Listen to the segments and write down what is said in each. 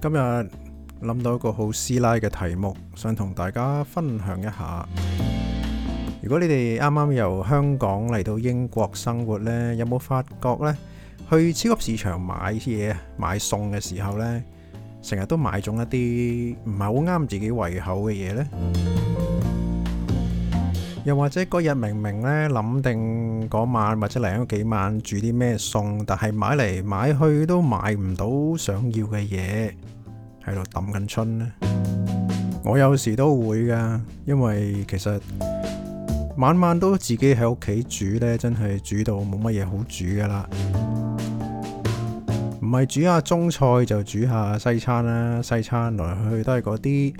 今日諗到一個好師奶嘅題目，想同大家分享一下。如果你哋啱啱由香港嚟到英國生活呢，有冇發覺呢？去超級市場買嘢、買餸嘅時候呢，成日都買中一啲唔係好啱自己胃口嘅嘢呢？又或者嗰日明明呢，諗定嗰晚或者嚟咗幾晚煮啲咩餸，但係買嚟買去都買唔到想要嘅嘢，喺度抌緊春呢，我有時都會噶，因為其實晚晚都自己喺屋企煮呢，真係煮到冇乜嘢好煮噶啦。唔係煮下中菜就煮下西餐啦，西餐來來去去都係嗰啲，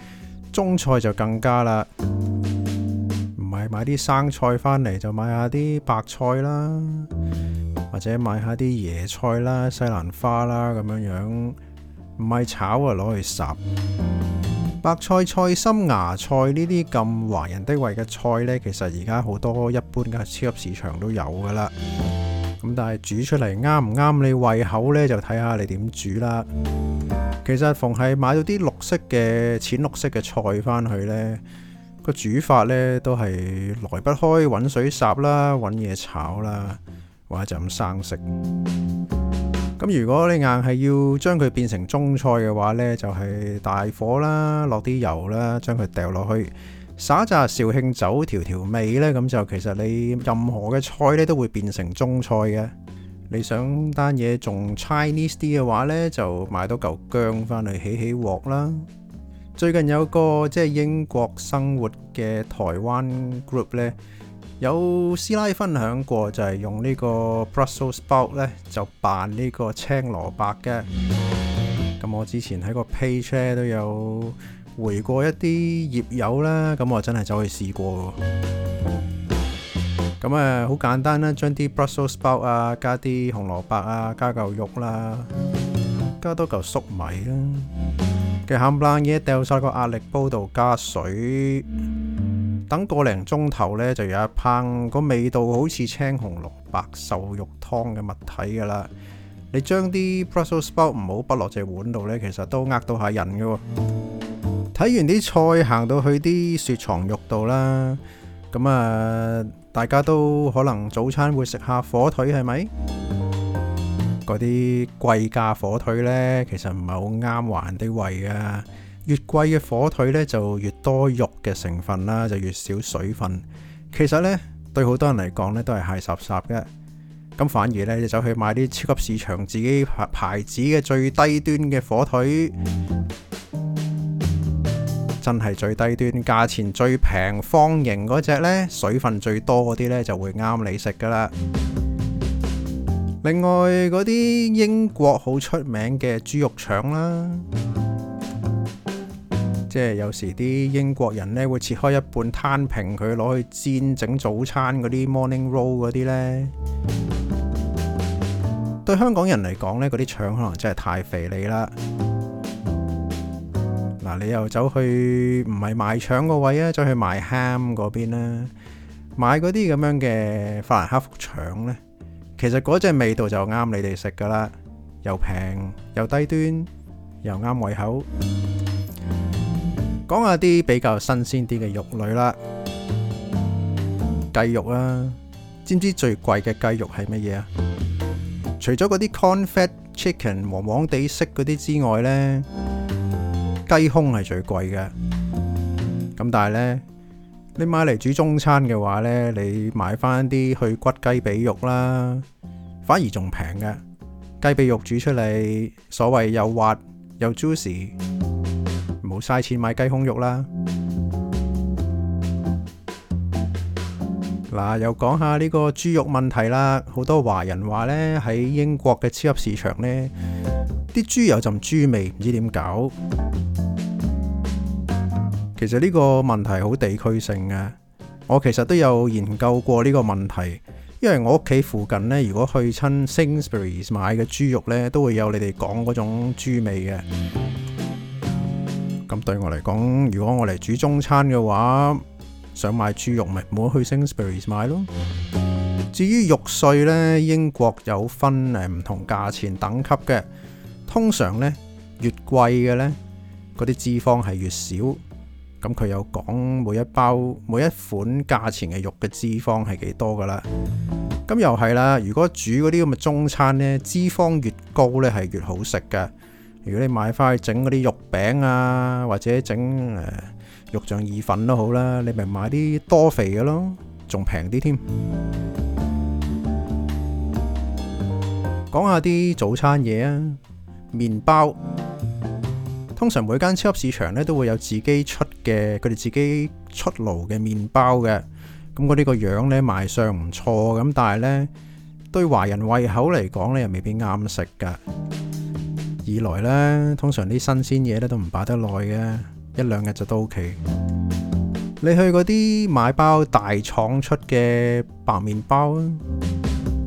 中菜就更加啦。買啲生菜返嚟就買下啲白菜啦，或者買下啲椰菜啦、西蘭花啦咁樣樣，唔係炒啊，攞去烚。白菜、菜心、芽菜呢啲咁華人的味嘅菜呢，其實而家好多一般嘅超級市場都有噶啦。咁但係煮出嚟啱唔啱你胃口呢？就睇下你點煮啦。其實逢係買到啲綠色嘅、淺綠色嘅菜返去呢。個煮法呢都係來不開揾水烚啦，揾嘢炒啦，或者就咁生食。咁如果你硬係要將佢變成中菜嘅話呢，就係、是、大火啦，落啲油啦，將佢掉落去，撒扎紹興酒調調味呢。咁就其實你任何嘅菜呢都會變成中菜嘅。你想單嘢仲 Chinese 啲嘅話呢，就買多嚿薑翻嚟起起鑊啦。最近有一個即係英國生活嘅台灣 group 咧，有師奶分享過，就係用呢個 Sprout 呢個 Brussels Sprout 咧，就扮呢個青蘿蔔嘅。咁我之前喺個 page 咧都有回過一啲業友啦，咁我真係走去試過。咁啊，好簡單啦，將啲 Brussels Sprout 啊，加啲紅蘿蔔啊，加嚿肉啦，加多嚿粟米啦。嘅冚唪唥嘢掉晒個壓力煲度，加水，等個零鐘頭呢，就有一烹個味道好似青紅蘿蔔瘦肉湯嘅物體噶啦。你將啲 brussels sprout 唔好畢落隻碗度呢，其實都呃到下人嘅喎。睇完啲菜，行到去啲雪藏肉度啦，咁啊大家都可能早餐會食下火腿係咪？是嗰啲貴價火腿呢，其實唔係好啱華人啲胃啊。越貴嘅火腿呢，就越多肉嘅成分啦，就越少水分。其實呢，對好多人嚟講呢，都係係濕濕嘅。咁反而呢，你走去買啲超級市場自己牌子嘅最低端嘅火腿，真係最低端，價錢最平，方形嗰隻呢，水分最多嗰啲呢，就會啱你食噶啦。另外嗰啲英國好出名嘅豬肉腸啦，即係有時啲英國人咧會切開一半攤平佢攞去煎整早餐嗰啲 morning roll 嗰啲呢，對香港人嚟講呢，嗰啲腸可能真係太肥膩啦。嗱，你又走去唔係賣腸個位啊，走去賣 ham 嗰邊啦，買嗰啲咁樣嘅法蘭克福腸呢。其實嗰隻味道就啱你哋食噶啦，又平又低端又啱胃口。講下啲比較新鮮啲嘅肉類啦，雞肉啦、啊，知唔知最貴嘅雞肉係乜嘢啊？除咗嗰啲 confit chicken 黃黃地色嗰啲之外呢，雞胸係最貴嘅。咁但係呢。你買嚟煮中餐嘅話呢，你買翻啲去骨雞髀肉啦，反而仲平嘅雞髀肉煮出嚟，所謂又滑又 juicy，冇嘥錢買雞胸肉啦。嗱，又講下呢個豬肉問題啦，好多華人話呢，喺英國嘅超級市場呢，啲豬有陣豬味，唔知點搞。其實呢個問題好地區性嘅。我其實都有研究過呢個問題，因為我屋企附近呢，如果去親 Sainsbury 買嘅豬肉呢，都會有你哋講嗰種豬味嘅。咁對我嚟講，如果我嚟煮中餐嘅話，想買豬肉咪冇去 Sainsbury 買咯。至於肉碎呢，英國有分誒唔同價錢等級嘅，通常呢，越貴嘅呢，嗰啲脂肪係越少。咁佢有講每一包每一款價錢嘅肉嘅脂肪係幾多㗎喇。咁又係啦，如果煮嗰啲咁嘅中餐呢，脂肪越高呢係越好食嘅。如果你買返去整嗰啲肉餅啊，或者整誒、呃、肉醬意粉都好啦，你咪買啲多肥嘅咯，仲平啲添。講下啲早餐嘢啊，麵包。通常每間超級市場咧都會有自己出嘅佢哋自己出爐嘅麵包嘅，咁嗰啲個樣咧賣相唔錯，咁但係咧對華人胃口嚟講咧又未必啱食噶。二來咧，通常啲新鮮嘢咧都唔擺得耐嘅，一兩日就都 OK。你去嗰啲買包大廠出嘅白麵包啊，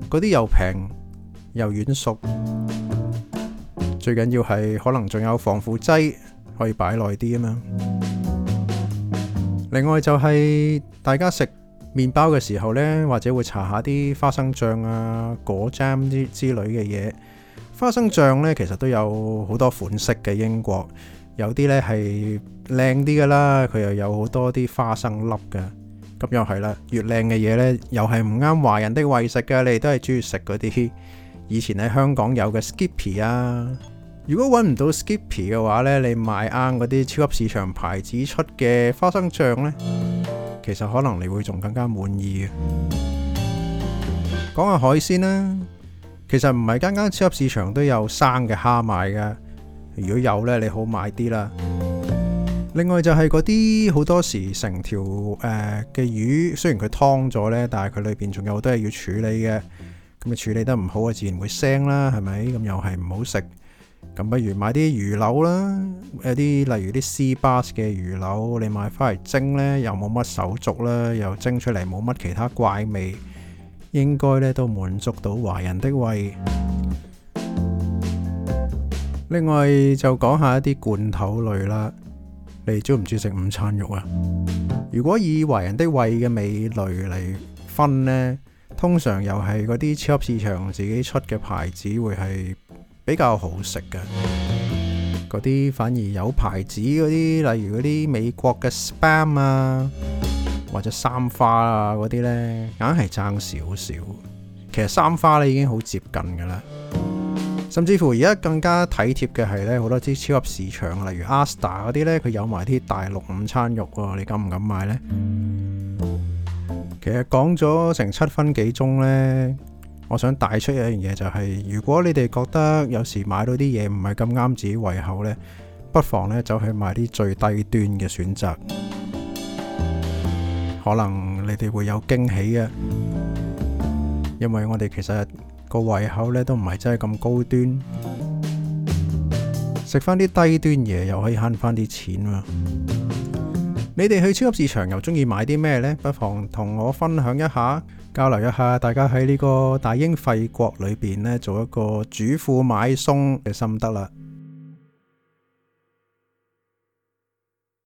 嗰啲又平又軟熟。最緊要係可能仲有防腐劑可以擺耐啲啊嘛。另外就係大家食麵包嘅時候呢，或者會搽下啲花生醬啊、果醬之之類嘅嘢。花生醬呢，其實都有好多款式嘅。英國有啲呢係靚啲㗎啦，佢又有好多啲花生粒㗎。咁又係啦，越靚嘅嘢呢又係唔啱華人的胃食㗎。你哋都係中意食嗰啲以前喺香港有嘅 Skippy 啊。如果揾唔到 Skippy 嘅話呢，你買啱嗰啲超級市場牌子出嘅花生醬呢，其實可能你會仲更加滿意。講下海鮮啦，其實唔係間間超級市場都有生嘅蝦賣㗎。如果有呢，你好買啲啦。另外就係嗰啲好多時成條誒嘅、呃、魚，雖然佢劏咗呢，但係佢裏邊仲有好多嘢要處理嘅。咁啊處理得唔好啊，自然會腥啦，係咪？咁又係唔好食。咁，不如買啲魚柳啦，有啲例如啲 sea bass 嘅魚柳，你買翻嚟蒸呢，又冇乜手續啦，又蒸出嚟冇乜其他怪味，應該呢都滿足到華人的胃。另外就講下一啲罐頭類啦，你中唔中意食午餐肉啊？如果以華人的胃嘅味蕾嚟分呢，通常又係嗰啲超級市場自己出嘅牌子會係。比較好食嘅嗰啲，反而有牌子嗰啲，例如嗰啲美國嘅 spam 啊，或者三花啊嗰啲呢，硬係爭少少。其實三花呢已經好接近嘅啦，甚至乎而家更加體貼嘅係呢，好多啲超級市場，例如 Asta 嗰啲呢，佢有埋啲大陸午餐肉喎，你敢唔敢買呢？其實講咗成七分幾鐘呢。我想帶出一樣嘢就係，如果你哋覺得有時買到啲嘢唔係咁啱自己胃口呢，不妨呢走去買啲最低端嘅選擇，可能你哋會有驚喜嘅，因為我哋其實個胃口呢都唔係真係咁高端，食翻啲低端嘢又可以慳翻啲錢啊。你哋去超級市場又鍾意買啲咩呢？不妨同我分享一下，交流一下，大家喺呢個大英廢國裏邊呢，做一個主婦買餸嘅心得啦。